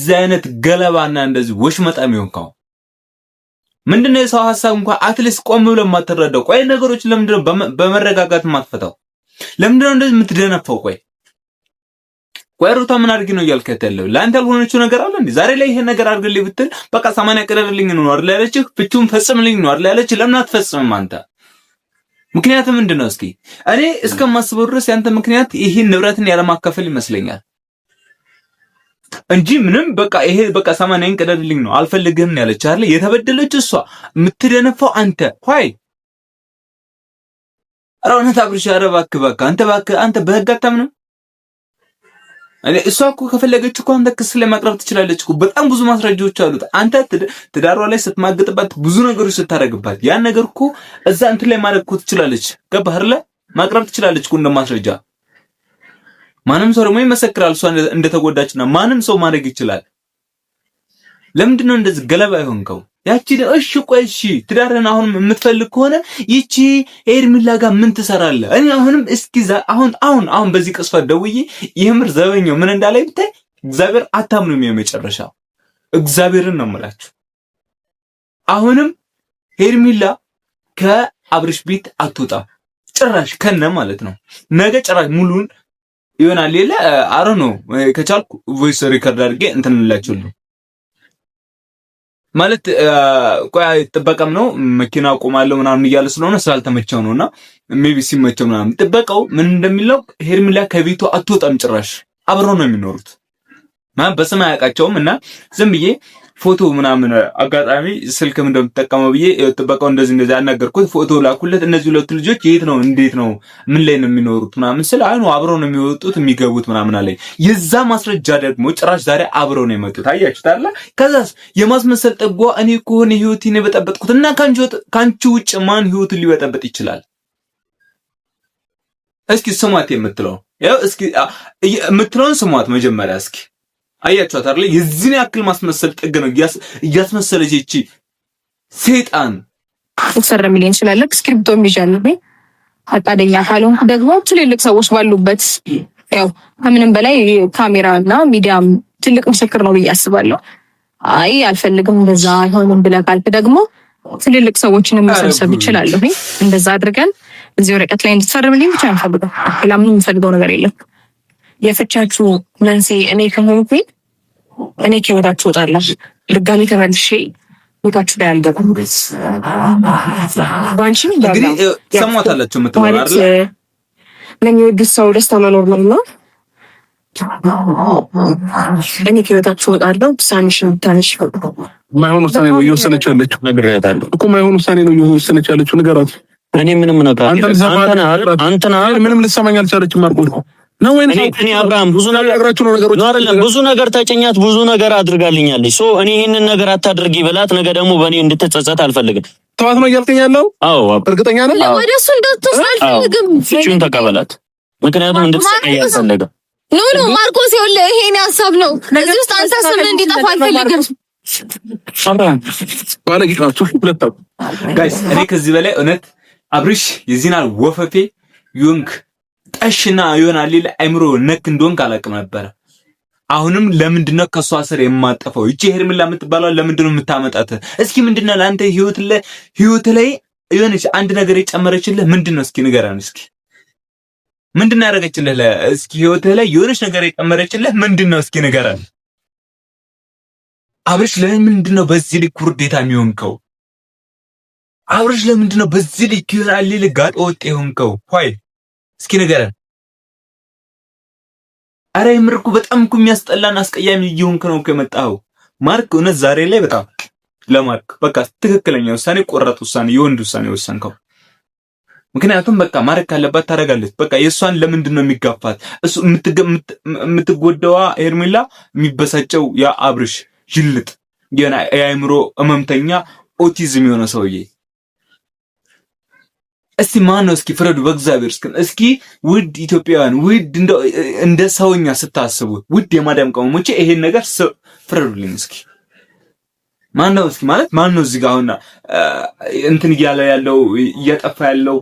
እንደዚህ አይነት ገለባና እንደዚህ ወሽመጣ ይሆንካው ምንድነው? የሰው ሐሳብ እንኳን አትሊስት ቆም ብሎ የማትረዳው ቆይ ነገሮች ለምንድነው በመረጋጋት የማትፈታው? ለምንድነው እንደዚህ የምትደነፈው? ቆይ ቆይ ሩታ ምን አድርጊ ነው እያልከት ያለው? ለአንተ ያልሆነችው ነገር አለ እንዴ? ዛሬ ላይ ይሄን ነገር አድርግልኝ ብትል በቃ ሰማንያ ቅደድልኝ ነው አይደል ያለችህ? ፍቹን ፈጽምልኝ ነው አይደል ያለችህ? ለምን አትፈጽምም አንተ? ምክንያት ምንድነው? እስኪ እኔ እስከማስበው ድረስ ያንተ ምክንያት ይህን ንብረትን ያለማከፈል ይመስለኛል። እንጂ ምንም በቃ ይሄ በቃ ሰማንያን ቅደድልኝ ነው አልፈልግህም ነው ያለች አይደል? የተበደለች እሷ የምትደነፋው አንተ ሆይ እውነት አብርሽ፣ ኧረ እባክህ በቃ አንተ እባክህ አንተ በህግ አታምንም። እሷ እኮ ከፈለገች እኮ አንተ ክስ ለማቅረብ ትችላለች እኮ በጣም ብዙ ማስረጃዎች አሉት። አንተ ትዳሯ ላይ ስትማግጥባት ብዙ ነገሮች ስታደርግባት ያን ነገር እኮ እዛ እንትን ላይ ማድረግ እኮ ትችላለች። ገባህ አይደለ? ማቅረብ ትችላለች እኮ እንደማስረጃ ማንም ሰው ደግሞ ይመሰክራል እሷ እንደተጎዳችና ማንም ሰው ማድረግ ይችላል። ለምንድን ነው እንደዚህ ገለባ ይሆንከው? ያቺ እሺ ቆይ እሺ ትዳርን አሁንም የምትፈልግ ከሆነ ይቺ ኤርሚላ ጋር ምን ትሰራለ? እኔ አሁንም እስኪ አሁን አሁን አሁን በዚህ ቅስፈት ደውዬ የምር ዘበኛው ምን እንዳለ ብታይ እግዚአብሔር አታምኑም። የመጨረሻ እግዚአብሔርን ነው የምላችሁ። አሁንም ሄርሚላ ከአብርሽ ቤት አትወጣም ጭራሽ ከነ ማለት ነው። ነገ ጭራሽ ሙሉን ይሆናል ሌለ አሮ ነው ከቻልኩ ቮይስ ሪከርድ አድርጌ እንትንላችሁ ማለት ቆይ ጥበቃም ነው መኪና አቆማለሁ ምናምን እያለ ስለሆነ ስላልተመቸው ነውና ሜቢ ሲመቸው ምናምን ጥበቃው ምን እንደሚለው ሄርሚላ ከቤቱ አትወጣም ጭራሽ አብረው ነው የሚኖሩት ማለት በስም አያውቃቸውም እና ዝም ብዬ ፎቶ ምናምን አጋጣሚ ስልክም እንደምትጠቀመው ብዬ ጥበቃው እንደዚህ እንደዚህ ያናገርኩት ፎቶ ላኩለት። እነዚህ ሁለቱ ልጆች የት ነው እንዴት ነው ምን ላይ ነው የሚኖሩት ምናምን ስለ አይኑ አብረው ነው የሚወጡት የሚገቡት ምናምን አለኝ። የዛ ማስረጃ ደግሞ ጭራሽ ዛሬ አብረው ነው የመጡት። አያችሁታላ። ከዛስ የማስመሰል ጠጓ እኔ ከሆነ ነው የበጠበጥኩት እና ከአንቺ ውጭ ማን ህይወቱን ሊበጠበጥ ይችላል? እስኪ ስሟት የምትለው ያው እስኪ የምትለውን ስሟት መጀመሪያ እስኪ አያችኋት አይደል? የዚህን ያክል ማስመሰል ጥግ ነው እያስመሰለች ይቺ ሴጣን። ሰረ ሚሊዮን ይችላል። ስክሪፕቶም ይዣለሁ። ፈቃደኛ ካልሆንኩ ደግሞ ትልልቅ ሰዎች ባሉበት ያው ከምንም በላይ ካሜራ እና ሚዲያም ትልቅ ምስክር ነው ብዬ አስባለሁ። አይ አልፈልግም፣ እንደዛ አይሆንም ብለህ ካልክ ደግሞ ትልልቅ ሰዎችን መሰብሰብ ይችላለሁ። እንደዛ አድርገን እዚህ ወረቀት ላይ እንድትፈርምልኝ ብቻ እንፈልገው። ሌላ ምንም የምፈልገው ነገር የለም። የፍቻችሁ መንስኤ እኔ ከሆንኩኝ እኔ ከህይወታችሁ እወጣለሁ። ድጋሜ ተመልሼ ቦታችሁ ላይ አልገባም። ባንቺም ሰሟታላችሁ ማለት ለሚወዱት ሰው ደስታ መኖር ነው እና እኔ ከህይወታችሁ እወጣለሁ። ብሳንሽን ብታንሽ ማይሆን ውሳኔ ነው እየወሰነች ያለችው ነገር ያታለሁ እኮ ማይሆን ውሳኔ ነው እየወሰነች ያለችው ነገራት እኔ ምንም ነገር አንተን ምንም ልሰማኝ አልቻለችም። ማርቆ ነው ወይ? እኔ አብርሃም ብዙ ነገር ያግራችሁ ነው ነገሮች አይደለም። ብዙ ነገር ተጨኛት፣ ብዙ ነገር አድርጋልኛለች። ሶ እኔ ይሄንን ነገር አታድርጊ በላት፣ ነገ ደግሞ በእኔ እንድትጸጸት አልፈልግም። ተዋት ነው እያልከኝ ያለው? አዎ እርግጠኛ ነኝ። ወደ እሱ እንድትወስድ አልፈልግም። ፍቺውን ተቀበላት፣ ምክንያቱም እንድትጸጸት አልፈልግም። ኖ ኖ ማርቆስ፣ ይኸውልህ ይሄን ሀሳብ ነው እዚህ ውስጥ አንተ ስም እንዲጠፋ አልፈልግም። አብርሃም ባለጌ ናችሁ ሁለታችሁ ጋይስ። እኔ ከዚህ በላይ እውነት አብርሽ የዚህን ወፈፌ ዩንክ ጠሽና ይሆናል ሌላ አይምሮ ነክ እንደሆን ካላቅም ነበረ። አሁንም ለምንድነው ከሷ ስር የማጠፈው? ይቺ ሄርሜላ የምትባለው ለምንድነው የምታመጣት? እስኪ ምንድነው ለአንተ ህይወት ላይ ህይወት ላይ የሆነች አንድ ነገር የጨመረችልህ ምንድነው? እስኪ ንገረን። እስኪ ምንድነው ያደረገችልህ? እስኪ ህይወት ላይ የሆነች ነገር የጨመረችልህ ምንድነው? እስኪ ንገረን። አብርሽ ለምንድን ነው በዚህ ልክ ውርዴታ የሚሆንከው? አብርሽ ለምንድን ነው በዚህ ልክ ይሆናል ሌላ ጋጠ ወጥ የሆንከው? ሆይ እስኪ ንገረን። አረ የምር እኮ በጣም እኮ የሚያስጠላን አስቀያሚ እየሆንክ ነው እኮ የመጣኸው። ማርክ እውነት ዛሬ ላይ በጣም ለማርክ በቃ ትክክለኛ ውሳኔ፣ ቆራጥ ውሳኔ፣ የወንድ ውሳኔ ወሰንከው። ምክንያቱም በቃ ማድረግ ካለባት ታደርጋለች። በቃ የእሷን ለምንድን ነው የሚጋፋት? እሱ የምትጎዳዋ ሄርሜላ፣ የሚበሳጨው ያ አብርሽ ይልጥ የአእምሮ ህመምተኛ ኦቲዝም የሆነ ሰውዬ እስቲ ማን ነው? እስኪ ፍረዱ በእግዚአብሔር እስኪ እስኪ ውድ ኢትዮጵያውያን፣ ውድ እንደ ሰውኛ ስታስቡ ውድ የማዳም ቀመሞቼ ይሄን ነገር ፍረዱልኝ እስኪ ማን ነው? እስኪ ማለት ማን ነው እዚህ ጋር አሁን እንትን እያለ ያለው እያጠፋ ያለው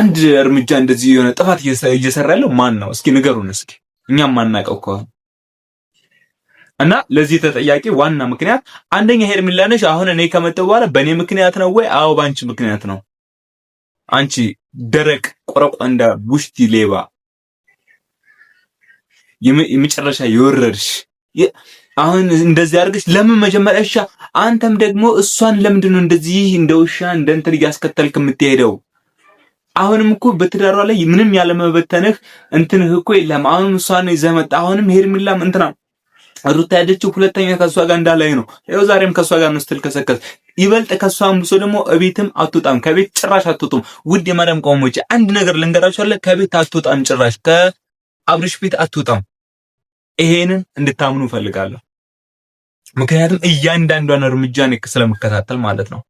አንድ እርምጃ እንደዚህ የሆነ ጥፋት እየሰራ ያለው ማን ነው? እስኪ ንገሩን እስኪ እኛም ማናቀው ከሆነ እና ለዚህ ተጠያቂ ዋና ምክንያት አንደኛ ሄርሚላ ነሽ። አሁን እኔ ከመጣሁ በኋላ በእኔ ምክንያት ነው ወይ? አዎ ባንቺ ምክንያት ነው። አንቺ ደረቅ ቆረቆንዳ ቡሽቲ ሌባ የመጨረሻ የወረድሽ አሁን እንደዚህ አድርገሽ ለምን መጀመሪያ አንተም ደግሞ እሷን ለምንድን ነው እንደዚህ እንደ ውሻ እንደ እንትን እያስከተልክ የምትሄደው? አሁንም እኮ በትዳሯ ላይ ምንም ያለመበተንህ እንትንህ እኮ የለም። አሁንም እሷን ይዘህ መጣ። አሁንም ሄርሚላም እንትና ሩታ ያደችው ሁለተኛ ከእሷ ጋር እንዳላይ ነው። ይኸው ዛሬም ከእሷ ጋር ነው ስትልከሰከስ ይበልጥ ከሷ አንብሶ ደግሞ እቤትም አትወጣም፣ ከቤት ጭራሽ አትወጡም። ውድ የማዳም ቆሞች አንድ ነገር አለ ከቤት አትወጣም፣ ጭራሽ ከአብርሽ ቤት አትወጣም። ይሄንን እንድታምኑ እፈልጋለሁ። ምክንያቱም እያንዳንዷን እርምጃን ስለምከታተል ማለት ነው።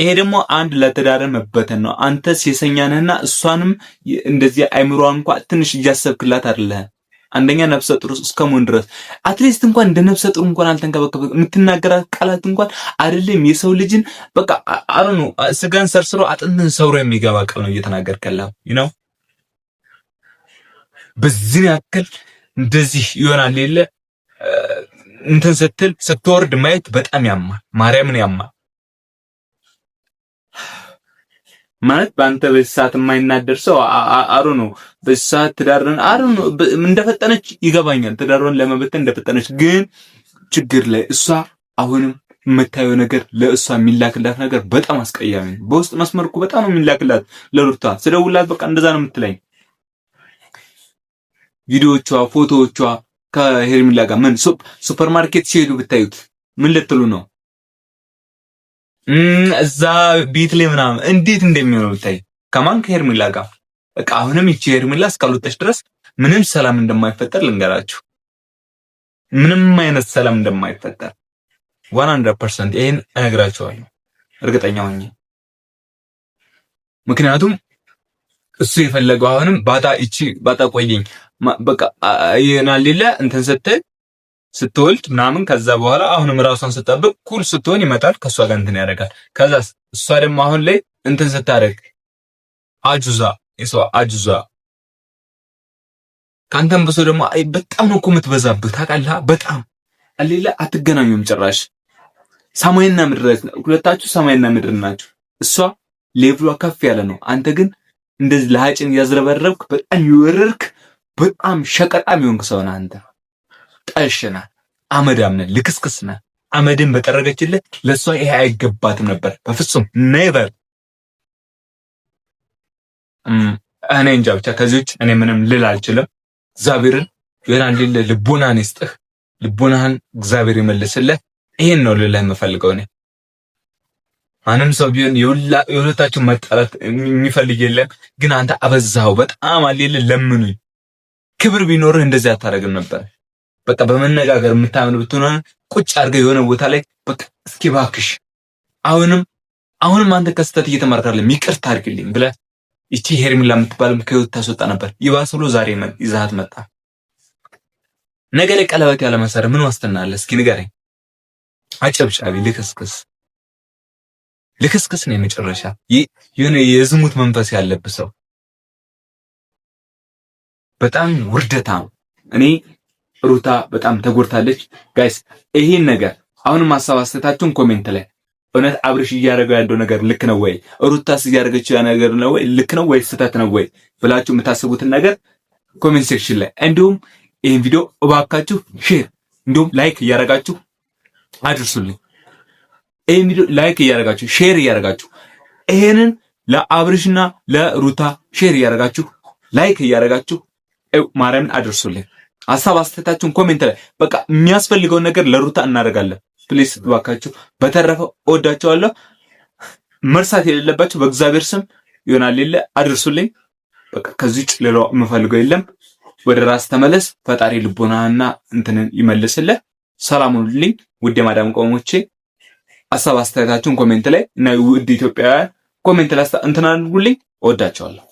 ይሄ ደግሞ አንድ ለትዳር መበተን ነው። አንተ ሴሰኛ ነህና እሷንም እንደዚህ አይምሯን እንኳ ትንሽ እያሰብክላት አይደለህ አንደኛ ነፍሰ ጡር እስከመሆን ድረስ አትሊስት እንኳን እንደ ነፍሰ ጡር እንኳን አልተንከበከበ የምትናገራት ቃላት እንኳን አይደለም የሰው ልጅን በቃ አሩኑ uh, ስጋን ሰርስሮ አጥንትን ሰብሮ የሚገባ ቃል ነው እየተናገርከላ ነው። በዚህ ያክል እንደዚህ ይሆናል ሌለ uh, እንትን ስትል ስትወርድ ማየት በጣም ያማል። ማርያምን ያማል። ማለት በአንተ በዚህ የማይናደር ሰው አሩ ነው። በዚህ ትዳርን አሩ ነው እንደፈጠነች ይገባኛል። ትዳሯን ለመበተን እንደፈጠነች ግን ችግር ላይ እሷ አሁንም የምታየው ነገር ለእሷ የሚላክላት ነገር በጣም አስቀያሚ ነው። በውስጥ መስመርኩ በጣም የሚላክላት ለሩታ ስደውላት በቃ እንደዛ ነው የምትለኝ። ቪዲዮዎቿ፣ ፎቶዎቿ ከሄርሚላ ጋር ምን ሱፐርማርኬት ሲሄዱ ብታዩት ምን ልትሉ ነው? እዛ ቤት ላይ ምናምን እንዴት እንደሚሆነው ብታይ ከማን ከሄርሜላ ጋር በቃ አሁንም ይቺ ሄርሜላ እስካልወጣች ድረስ ምንም ሰላም እንደማይፈጠር ልንገራችሁ። ምንም አይነት ሰላም እንደማይፈጠር ዋን ሀንድረድ ፐርሰንት ይሄን እነግራችኋለሁ እርግጠኛ ሆኜ። ምክንያቱም እሱ የፈለገው አሁንም ባጣ ይቺ ባጣ ቆየኝ በቃ ይሆናል ሌላ እንትን ስትል ስትወልድ ምናምን ከዛ በኋላ አሁንም ራሷን ስጠብቅ ኩል ስትሆን ይመጣል ከእሷ ጋር እንትን ያደርጋል። ከዛ እሷ ደግሞ አሁን ላይ እንትን ስታደርግ አጁዛ የሷ አጁዛ ከአንተም ብሶ ደግሞ በጣም ነው እኮ የምትበዛብህ ታውቃለህ። በጣም ሌላ አትገናኙም ጭራሽ ሰማይና ምድር ሁለታችሁ ሰማይና ምድር ናችሁ። እሷ ሌብሏ ከፍ ያለ ነው። አንተ ግን እንደዚህ ለሀጭን እያዝረበረብክ በጣም ይወረርክ በጣም ሸቀጣም ይሆንክ ሰው ነህ አንተ። ጠሽነ አመዳምነ ልክስክስነ አመድን በጠረገችልህ ለእሷ ይሄ አይገባትም ነበር በፍጹም ኔቨር። እኔ እንጃ ብቻ ከዚህ ውጭ እኔ ምንም ልል አልችልም። እግዚአብሔርን ይሆናል ሌለ ልቦናን ይስጥህ፣ ልቦናህን እግዚአብሔር ይመልስልህ። ይሄን ነው ልልህ የምፈልገው። እኔ ማንም ሰው ቢሆን የሁለታችን መጣላት የሚፈልግ የለም፣ ግን አንተ አበዛኸው በጣም አሌለ። ለምኑኝ ክብር ቢኖርህ እንደዚህ አታደርግም ነበር። በቃ በመነጋገር የምታምን ብትሆን ቁጭ አድርገህ የሆነ ቦታ ላይ በቃ እስኪ እባክሽ አሁንም አሁንም አንተ ከስተት እየተማርካለ ይቅርታ አድርግልኝ ብለህ ይቺ ሄርሚላ የምትባል ከህይወት ታስወጣ ነበር። ይባስ ብሎ ዛሬ ይዛሃት መጣ። ነገ ላይ ቀለበት ያለመሰረ ምን ዋስትና አለ? እስኪ ንገረኝ። አጨብጫቢ ልክስክስ ልክስክስ ነው የመጨረሻ የሆነ የዝሙት መንፈስ ያለብ ሰው በጣም ውርደታ እኔ ሩታ በጣም ተጎድታለች። ጋይስ ይህን ነገር አሁንም ማሰባሰታችሁን ኮሜንት ላይ እውነት አብርሽ እያደረገው ያለው ነገር ልክ ነው ወይ፣ ሩታስ እያደረገችው ያ ነገር ነው ወይ ልክ ነው ወይ ስህተት ነው ወይ ብላችሁ የምታስቡትን ነገር ኮሜንት ሴክሽን ላይ እንዲሁም ይህን ቪዲዮ እባካችሁ ሼር እንዲሁም ላይክ እያደረጋችሁ አድርሱልኝ። ይህን ቪዲዮ ላይክ እያደረጋችሁ ሼር እያደረጋችሁ ይሄንን ለአብርሽና ለሩታ ሼር እያደረጋችሁ ላይክ እያደረጋችሁ ማርያምን አድርሱልኝ። ሀሳብ አስተታችሁን ኮሜንት ላይ በቃ የሚያስፈልገውን ነገር ለሩታ እናደርጋለን። ፕሊስ ባካችሁ። በተረፈ እወዳቸዋለሁ። መርሳት የሌለባቸው በእግዚአብሔር ስም ይሆናል የለ አድርሱልኝ። በቃ ከዚህ ውጭ ሌላው የምፈልገው የለም። ወደ ራስ ተመለስ። ፈጣሪ ልቦናና እንትንን ይመልስልህ። ሰላም ሁኑልኝ ውድ የማዳም ቆሞቼ። ሀሳብ አስተያየታችሁን ኮሜንት ላይ እና ውድ ኢትዮጵያውያን ኮሜንት ላይ እንትን አድርጉልኝ። እወዳቸዋለሁ።